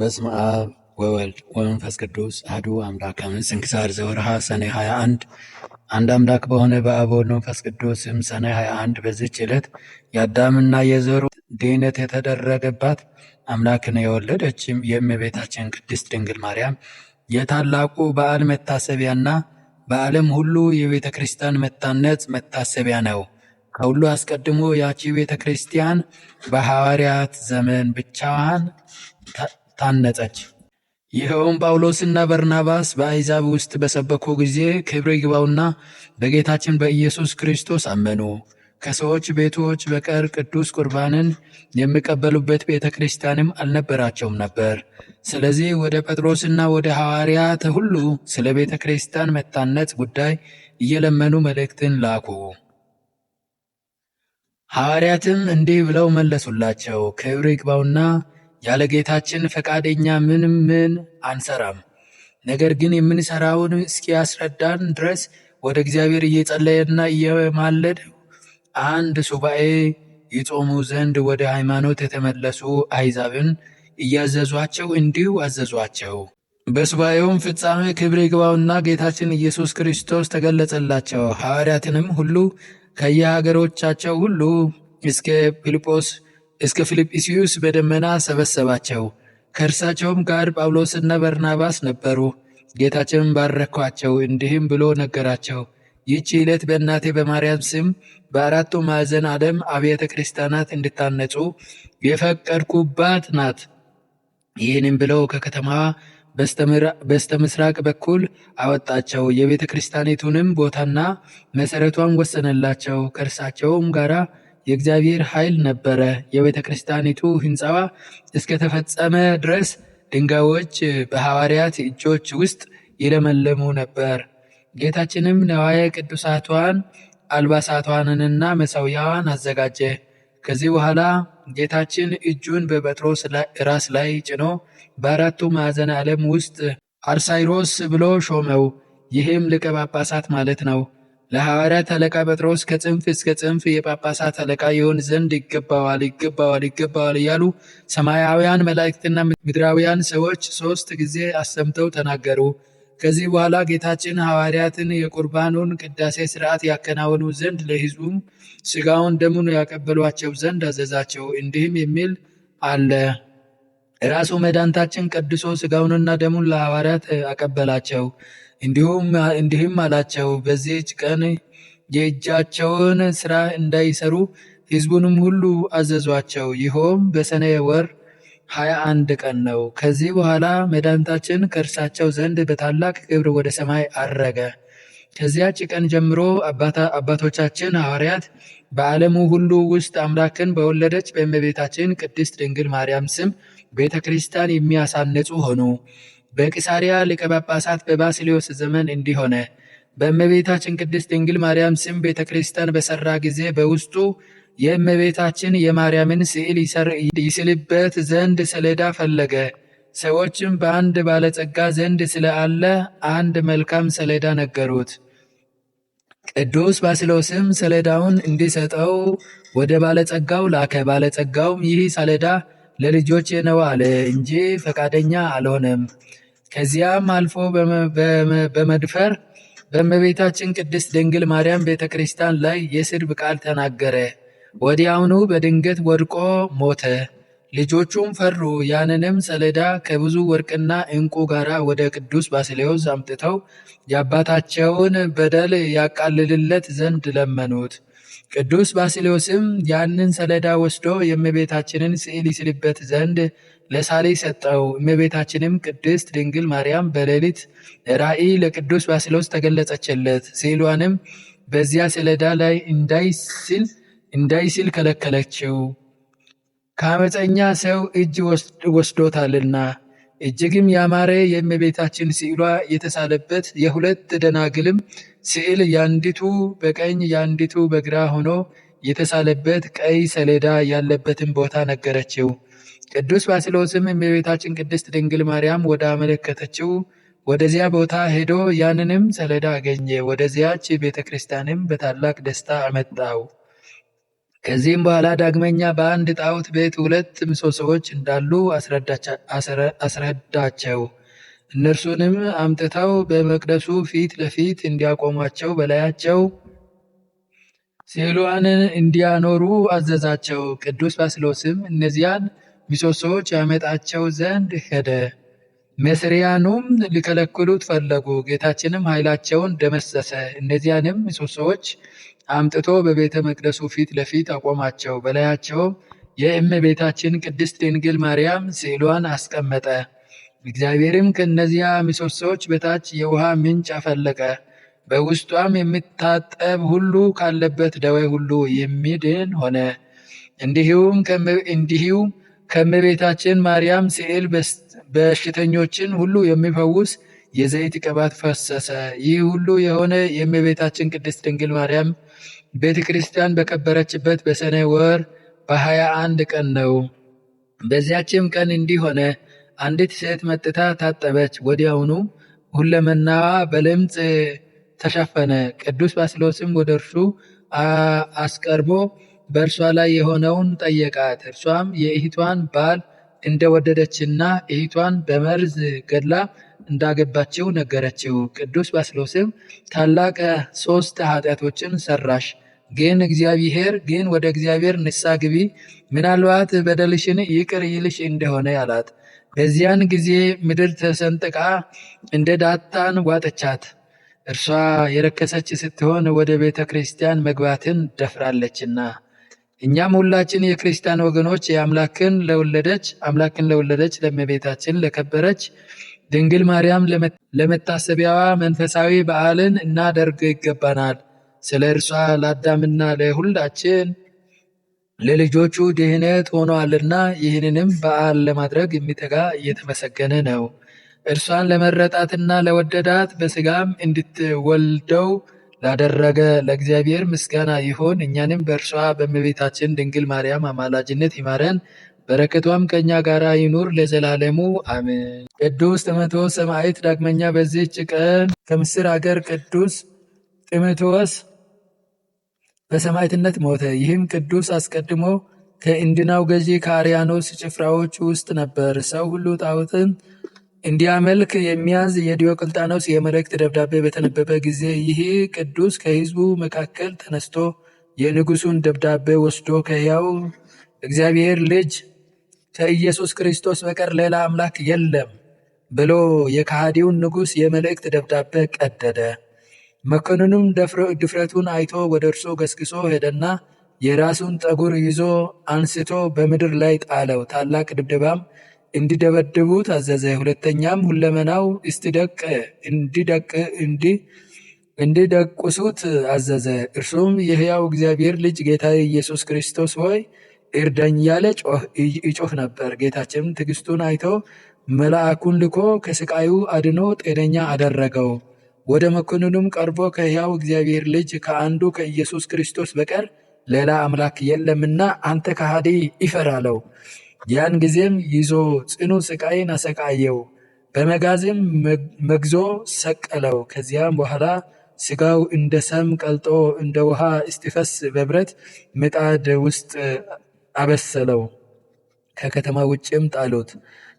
በስመ አብ ወወልድ ወመንፈስ ቅዱስ አሐዱ አምላክ አሜን። ስንክሳር ዘወርሃ ሰኔ 21 አንድ አምላክ በሆነ በአብ ወልድ መንፈስ ቅዱስም ሰኔ 21 በዚች ዕለት የአዳምና የዘሩ ድኅነት የተደረገባት አምላክን የወለደችም የእመቤታችን ቅድስት ድንግል ማርያም የታላቁ በዓል መታሰቢያና በዓለም ሁሉ የቤተ ክርስቲያን መታነጽ መታሰቢያ ነው። ከሁሉ አስቀድሞ ያቺ ቤተ ክርስቲያን በሐዋርያት ዘመን ብቻዋን ታነጸች። ይኸውም ጳውሎስና በርናባስ በአሕዛብ ውስጥ በሰበኩ ጊዜ ክብር ይግባውና በጌታችን በኢየሱስ ክርስቶስ አመኑ። ከሰዎች ቤቶች በቀር ቅዱስ ቁርባንን የሚቀበሉበት ቤተ ክርስቲያንም አልነበራቸውም ነበር። ስለዚህ ወደ ጴጥሮስና ወደ ሐዋርያት ሁሉ ስለ ቤተ ክርስቲያን መታነጽ ጉዳይ እየለመኑ መልእክትን ላኩ። ሐዋርያትም እንዲህ ብለው መለሱላቸው፣ ክብር ይግባውና ያለ ጌታችን ፈቃደኛ ምንም ምን አንሰራም። ነገር ግን የምንሰራውን እስኪያስረዳን ድረስ ወደ እግዚአብሔር እየጸለየና እየማለድ አንድ ሱባኤ ይጾሙ ዘንድ ወደ ሃይማኖት የተመለሱ አሕዛብን እያዘዟቸው እንዲሁ አዘዟቸው። በሱባኤውም ፍጻሜ ክብር ይግባውና ጌታችን ኢየሱስ ክርስቶስ ተገለጸላቸው። ሐዋርያትንም ሁሉ ከየሀገሮቻቸው ሁሉ እስከ ፊልጶስ እስከ ፊልጵስዩስ በደመና ሰበሰባቸው። ከእርሳቸውም ጋር ጳውሎስና በርናባስ ነበሩ። ጌታችንም ባረኳቸው፣ እንዲህም ብሎ ነገራቸው። ይህች ዕለት በእናቴ በማርያም ስም በአራቱ ማዕዘን ዓለም አብያተ ክርስቲያናት እንድታነጹ የፈቀድኩባት ናት። ይህንም ብለው ከከተማዋ በስተ ምስራቅ በኩል አወጣቸው። የቤተ ክርስቲያኒቱንም ቦታና መሠረቷን ወሰነላቸው። ከእርሳቸውም ጋራ የእግዚአብሔር ኃይል ነበረ። የቤተ ክርስቲያኒቱ ሕንፃዋ እስከተፈጸመ ድረስ ድንጋዮች በሐዋርያት እጆች ውስጥ ይለመለሙ ነበር። ጌታችንም ነዋየ ቅዱሳቷን አልባሳቷንንና መሠዊያዋን አዘጋጀ። ከዚህ በኋላ ጌታችን እጁን በጴጥሮስ ራስ ላይ ጭኖ በአራቱ ማዕዘን ዓለም ውስጥ አርሳይሮስ ብሎ ሾመው። ይህም ሊቀ ጳጳሳት ማለት ነው። ለሐዋርያት አለቃ ጴጥሮስ ከጽንፍ እስከ ጽንፍ የጳጳሳት አለቃ ይሆን ዘንድ ይገባዋል ይገባዋል ይገባዋል እያሉ ሰማያውያን መላእክትና ምድራውያን ሰዎች ሦስት ጊዜ አሰምተው ተናገሩ። ከዚህ በኋላ ጌታችን ሐዋርያትን የቁርባኑን ቅዳሴ ሥርዓት ያከናውኑ ዘንድ ለሕዝቡም ሥጋውን ደሙን ያቀበሏቸው ዘንድ አዘዛቸው። እንዲህም የሚል አለ። ራሱ መድኃኒታችን ቀድሶ ሥጋውንና ደሙን ለሐዋርያት አቀበላቸው። እንዲህም አላቸው፣ በዚህች ቀን የእጃቸውን ሥራ እንዳይሰሩ ሕዝቡንም ሁሉ አዘዟቸው። ይኸውም በሰኔ ወር ሀያ አንድ ቀን ነው። ከዚህ በኋላ መድኃኒታችን ከእርሳቸው ዘንድ በታላቅ ክብር ወደ ሰማይ አረገ። ከዚያች ቀን ጀምሮ አባቶቻችን ሐዋርያት በዓለሙ ሁሉ ውስጥ አምላክን በወለደች በእመቤታችን ቅድስት ድንግል ማርያም ስም ቤተ ክርስቲያን የሚያሳንጹ ሆኑ። በቂሳሪያ ሊቀ ጳጳሳት በባስልዮስ ዘመን እንዲሆነ በእመቤታችን ቅድስት ድንግል ማርያም ስም ቤተ ክርስቲያን በሠራ ጊዜ በውስጡ የእመቤታችን የማርያምን ስዕል ይስልበት ዘንድ ሰሌዳ ፈለገ። ሰዎችም በአንድ ባለጸጋ ዘንድ ስለ አለ አንድ መልካም ሰሌዳ ነገሩት። ቅዱስ ባስሎስም ሰሌዳውን እንዲሰጠው ወደ ባለጸጋው ላከ። ባለጸጋውም ይህ ሰሌዳ ለልጆቼ ነው አለ እንጂ ፈቃደኛ አልሆነም። ከዚያም አልፎ በመድፈር በእመቤታችን ቅድስት ድንግል ማርያም ቤተ ክርስቲያን ላይ የስድብ ቃል ተናገረ። ወዲያውኑ በድንገት ወድቆ ሞተ። ልጆቹም ፈሩ። ያንንም ሰሌዳ ከብዙ ወርቅና ዕንቁ ጋር ወደ ቅዱስ ባስሌዎስ አምጥተው የአባታቸውን በደል ያቃልልለት ዘንድ ለመኑት። ቅዱስ ባስልዮስም ያንን ሰሌዳ ወስዶ የእመቤታችንን ስዕል ይስልበት ዘንድ ለሳሌ ሰጠው። እመቤታችንም ቅድስት ድንግል ማርያም በሌሊት ራእይ ለቅዱስ ባስልዮስ ተገለጸችለት። ስዕሏንም በዚያ ሰሌዳ ላይ እንዳይስል እንዳይስል ከለከለችው ከአመፀኛ ሰው እጅ ወስዶታልና። እጅግም ያማረ የእመቤታችን ስዕሏ የተሳለበት የሁለት ደናግልም ስዕል ያንዲቱ በቀኝ ያንዲቱ በግራ ሆኖ የተሳለበት ቀይ ሰሌዳ ያለበትን ቦታ ነገረችው። ቅዱስ ባስልዮስም እመቤታችን ቅድስት ድንግል ማርያም ወደ አመለከተችው ወደዚያ ቦታ ሄዶ ያንንም ሰሌዳ አገኘ። ወደዚያች ቤተ ክርስቲያንም በታላቅ ደስታ አመጣው። ከዚህም በኋላ ዳግመኛ በአንድ ጣዖት ቤት ሁለት ምሰሶዎች እንዳሉ አስረዳቸው። እነርሱንም አምጥተው በመቅደሱ ፊት ለፊት እንዲያቆሟቸው በላያቸው ስዕሏንን እንዲያኖሩ አዘዛቸው። ቅዱስ ባስሎስም እነዚያን ምሰሶዎች ያመጣቸው ዘንድ ሄደ። መስሪያኑም ሊከለክሉት ፈለጉ። ጌታችንም ኃይላቸውን ደመሰሰ። እነዚያንም ምሰሶዎች አምጥቶ በቤተ መቅደሱ ፊት ለፊት አቆማቸው። በላያቸውም የእመቤታችን ቅድስት ድንግል ማርያም ስዕሏን አስቀመጠ። እግዚአብሔርም ከእነዚያ ምሰሶዎች በታች የውሃ ምንጭ አፈለቀ፣ በውስጧም የሚታጠብ ሁሉ ካለበት ደዌ ሁሉ የሚድን ሆነ። እንዲሁ ከእመቤታችን ማርያም ስዕል በሽተኞችን ሁሉ የሚፈውስ የዘይት ቅባት ፈሰሰ። ይህ ሁሉ የሆነ የእመቤታችን ቅድስት ድንግል ማርያም ቤተ ክርስቲያን በከበረችበት በሰኔ ወር በሀያ አንድ ቀን ነው። በዚያችም ቀን እንዲህ ሆነ። አንዲት ሴት መጥታ ታጠበች። ወዲያውኑ ሁለመናዋ በለምጽ ተሸፈነ። ቅዱስ ባስሎስም ወደ እርሱ አስቀርቦ በእርሷ ላይ የሆነውን ጠየቃት። እርሷም የእህቷን ባል እንደወደደችና እህቷን በመርዝ ገድላ እንዳገባችው ነገረችው። ቅዱስ ባስሎስም ታላቅ ሶስት ኃጢአቶችን ሰራሽ፣ ግን እግዚአብሔር ግን ወደ እግዚአብሔር ንሳ ግቢ፣ ምናልባት በደልሽን ይቅር ይልሽ እንደሆነ አላት። በዚያን ጊዜ ምድር ተሰንጥቃ እንደ ዳጣን ዋጠቻት። እርሷ የረከሰች ስትሆን ወደ ቤተ ክርስቲያን መግባትን ደፍራለችና እኛም ሁላችን የክርስቲያን ወገኖች የአምላክን ለወለደች አምላክን ለወለደች ለመቤታችን ለከበረች ድንግል ማርያም ለመታሰቢያዋ መንፈሳዊ በዓልን እናደርግ ይገባናል። ስለ እርሷ ለአዳምና ለሁላችን ለልጆቹ ድህነት ሆኗልና ይህንንም በዓል ለማድረግ የሚተጋ እየተመሰገነ ነው። እርሷን ለመረጣትና ለወደዳት በስጋም እንድትወልደው ላደረገ ለእግዚአብሔር ምስጋና ይሁን። እኛንም በእርሷ በእመቤታችን ድንግል ማርያም አማላጅነት ይማረን፣ በረከቷም ከእኛ ጋር ይኑር ለዘላለሙ አሜን። ቅዱስ ጥምቶስ ሰማዕት። ዳግመኛ በዚህች ቀን ከምስር አገር ቅዱስ ጥምቶስ በሰማዕትነት ሞተ። ይህም ቅዱስ አስቀድሞ ከእንድናው ገዢ ከአርያኖስ ጭፍራዎች ውስጥ ነበር። ሰው ሁሉ ጣዖትን እንዲያመልክ የሚያዝ የዲዮቅልጣኖስ የመልእክት ደብዳቤ በተነበበ ጊዜ ይህ ቅዱስ ከሕዝቡ መካከል ተነስቶ የንጉሱን ደብዳቤ ወስዶ ከሕያው እግዚአብሔር ልጅ ከኢየሱስ ክርስቶስ በቀር ሌላ አምላክ የለም ብሎ የካሃዲውን ንጉሥ የመልእክት ደብዳቤ ቀደደ። መኮንኑም ድፍረቱን አይቶ ወደ እርሱ ገስግሶ ሄደና የራሱን ጠጉር ይዞ አንስቶ በምድር ላይ ጣለው። ታላቅ ድብደባም እንዲደበድቡ ታዘዘ። ሁለተኛም ሁለመናው እንዲ እንዲደቁሱት አዘዘ። እርሱም የሕያው እግዚአብሔር ልጅ ጌታ ኢየሱስ ክርስቶስ ሆይ እርደኝ ያለ ይጮህ ነበር። ጌታችንም ትዕግስቱን አይቶ መልአኩን ልኮ ከስቃዩ አድኖ ጤነኛ አደረገው። ወደ መኮንኑም ቀርቦ ከሕያው እግዚአብሔር ልጅ ከአንዱ ከኢየሱስ ክርስቶስ በቀር ሌላ አምላክ የለምና አንተ ከሃዲ ይፈር አለው። ያን ጊዜም ይዞ ጽኑ ስቃይን አሰቃየው፣ በመጋዝም መግዞ ሰቀለው። ከዚያም በኋላ ስጋው እንደ ሰም ቀልጦ እንደ ውሃ እስቲፈስ በብረት ምጣድ ውስጥ አበሰለው። ከከተማ ውጭም ጣሉት።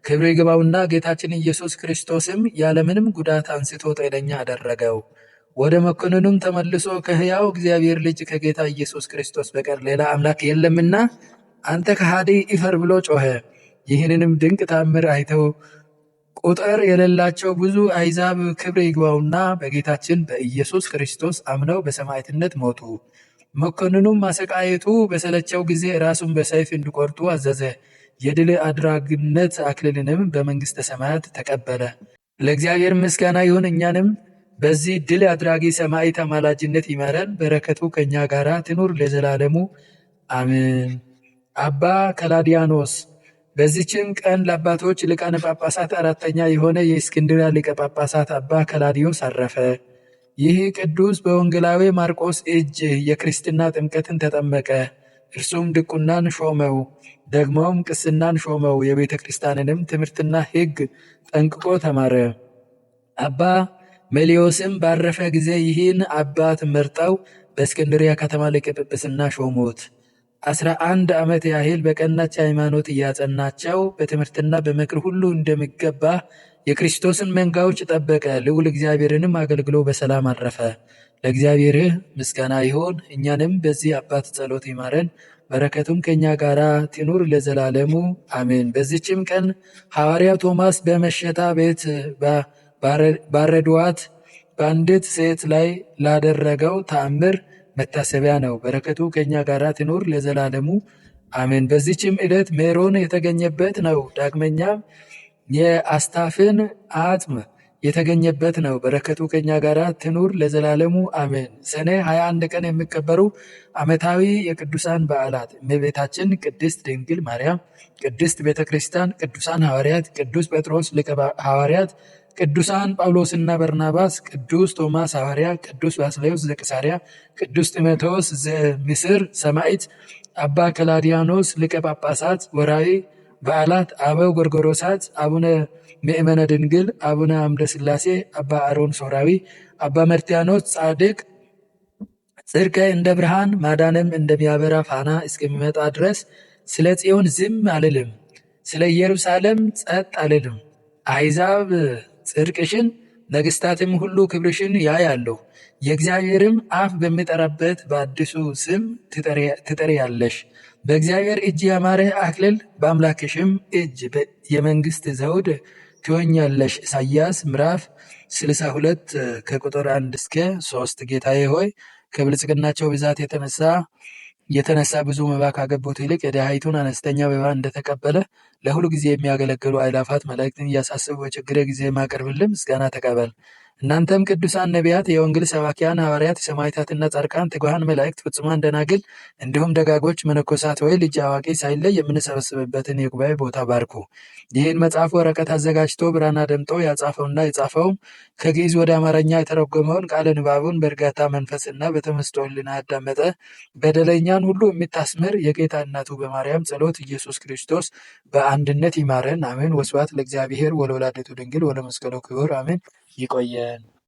ክብር ይግባውና ጌታችን ኢየሱስ ክርስቶስም ያለምንም ጉዳት አንስቶ ጤነኛ አደረገው። ወደ መኮንኑም ተመልሶ ከሕያው እግዚአብሔር ልጅ ከጌታ ኢየሱስ ክርስቶስ በቀር ሌላ አምላክ የለምና አንተ ከሃዲ ይፈር ብሎ ጮኸ። ይህንንም ድንቅ ታምር አይተው ቁጥር የሌላቸው ብዙ አይዛብ ክብር ይግባውና በጌታችን በኢየሱስ ክርስቶስ አምነው በሰማዕትነት ሞቱ። መኮንኑም ማሰቃየቱ በሰለቸው ጊዜ ራሱን በሰይፍ እንዲቆርጡ አዘዘ። የድል አድራጊነት አክሊልንም በመንግሥተ ሰማያት ተቀበለ። ለእግዚአብሔር ምስጋና ይሁን። እኛንም በዚህ ድል አድራጊ ሰማዕት አማላጅነት ይመረን። በረከቱ ከእኛ ጋር ትኑር ለዘላለሙ አሜን። አባ ከላዲያኖስ በዚችም ቀን ለአባቶች ሊቃነ ጳጳሳት አራተኛ የሆነ የእስክንድሪያ ሊቀ ጳጳሳት አባ ከላዲዮስ አረፈ። ይህ ቅዱስ በወንጌላዊ ማርቆስ እጅ የክርስትና ጥምቀትን ተጠመቀ። እርሱም ድቁናን ሾመው፣ ደግሞም ቅስናን ሾመው። የቤተ ክርስቲያንንም ትምህርትና ሕግ ጠንቅቆ ተማረ። አባ መሊዮስም ባረፈ ጊዜ ይህን አባት መርጠው በእስክንድሪያ ከተማ ሊቀ ጵጵስና ሾሙት። አስራ አንድ ዓመት ያህል በቀናች ሃይማኖት እያጸናቸው በትምህርትና በምክር ሁሉ እንደሚገባ የክርስቶስን መንጋዎች ጠበቀ፣ ልዑል እግዚአብሔርንም አገልግሎ በሰላም አረፈ። ለእግዚአብሔርህ ምስጋና ይሆን፣ እኛንም በዚህ አባት ጸሎት ይማረን፣ በረከቱም ከእኛ ጋር ትኑር ለዘላለሙ አሜን። በዚችም ቀን ሐዋርያ ቶማስ በመሸታ ቤት ባረዷት በአንዲት ሴት ላይ ላደረገው ተአምር መታሰቢያ ነው። በረከቱ ከእኛ ጋር ትኑር ለዘላለሙ አሜን። በዚችም ዕለት ሜሮን የተገኘበት ነው። ዳግመኛም የአስታፍን አጽም የተገኘበት ነው። በረከቱ ከኛ ጋር ትኑር ለዘላለሙ አሜን። ሰኔ 21 ቀን የሚከበሩ ዓመታዊ የቅዱሳን በዓላት እመቤታችን ቅድስት ድንግል ማርያም፣ ቅድስት ቤተ ክርስቲያን፣ ቅዱሳን ሐዋርያት፣ ቅዱስ ጴጥሮስ ሊቀ ሐዋርያት፣ ቅዱሳን ጳውሎስና በርናባስ፣ ቅዱስ ቶማስ ሐዋርያ፣ ቅዱስ ባስሌዎስ ዘቅሳሪያ ቅዱስ ጢሞቴዎስ ዘምስር ሰማዕት፣ አባ ከላዲያኖስ ሊቀ ጳጳሳት። ወራዊ። በዓላት አበው ጎርጎሮሳት፣ አቡነ ምእመነ ድንግል፣ አቡነ አምደ ስላሴ አባ አሮን ሶራዊ፣ አባ መርትያኖስ ጻድቅ ጽድቅ እንደ ብርሃን ማዳንም እንደሚያበራ ፋና እስከሚመጣ ድረስ ስለ ጽዮን ዝም አልልም፣ ስለ ኢየሩሳሌም ጸጥ አልልም። አሕዛብ ጽድቅሽን ነገሥታትም ሁሉ ክብርሽን ያያሉ። የእግዚአብሔርም አፍ በሚጠራበት በአዲሱ ስም ትጠሪያለሽ። በእግዚአብሔር እጅ ያማረ አክሊል፣ በአምላክሽም እጅ የመንግሥት ዘውድ ትሆኛለሽ። ኢሳይያስ ምዕራፍ 62 ከቁጥር 1 እስከ 3 ጌታዬ ሆይ ከብልጽግናቸው ብዛት የተነሳ የተነሳ ብዙ መባ ካገቡት ይልቅ የድሃይቱን አነስተኛ መባ እንደተቀበለ ለሁሉ ጊዜ የሚያገለግሉ አእላፋት መላእክትን እያሳሰቡ በችግሬ ጊዜ ማቀርብልን ምስጋና ተቀበል። እናንተም ቅዱሳን ነቢያት፣ የወንጌል ሰባኪያን ሐዋርያት፣ የሰማዕታትና ጻድቃን፣ ትጉሃን መላእክት፣ ፍጹማን ደናግል፣ እንዲሁም ደጋጎች መነኮሳት ወይ ልጅ አዋቂ ሳይለይ የምንሰበስብበትን የጉባኤ ቦታ ባርኩ። ይህን መጽሐፍ ወረቀት አዘጋጅቶ ብራና ደምጦ ያጻፈውና የጻፈውም ከግዕዝ ወደ አማርኛ የተረጎመውን ቃለ ንባቡን በእርጋታ መንፈስና በተመስጦ ልቦና ያዳመጠ በደለኛን ሁሉ የምታስምር የጌታ እናቱ በማርያም ጸሎት ኢየሱስ ክርስቶስ በአንድነት ይማረን። አሜን። ወስብሐት ለእግዚአብሔር ወለወላዲቱ ድንግል ወለመስቀሉ ክቡር አሜን። 一个烟。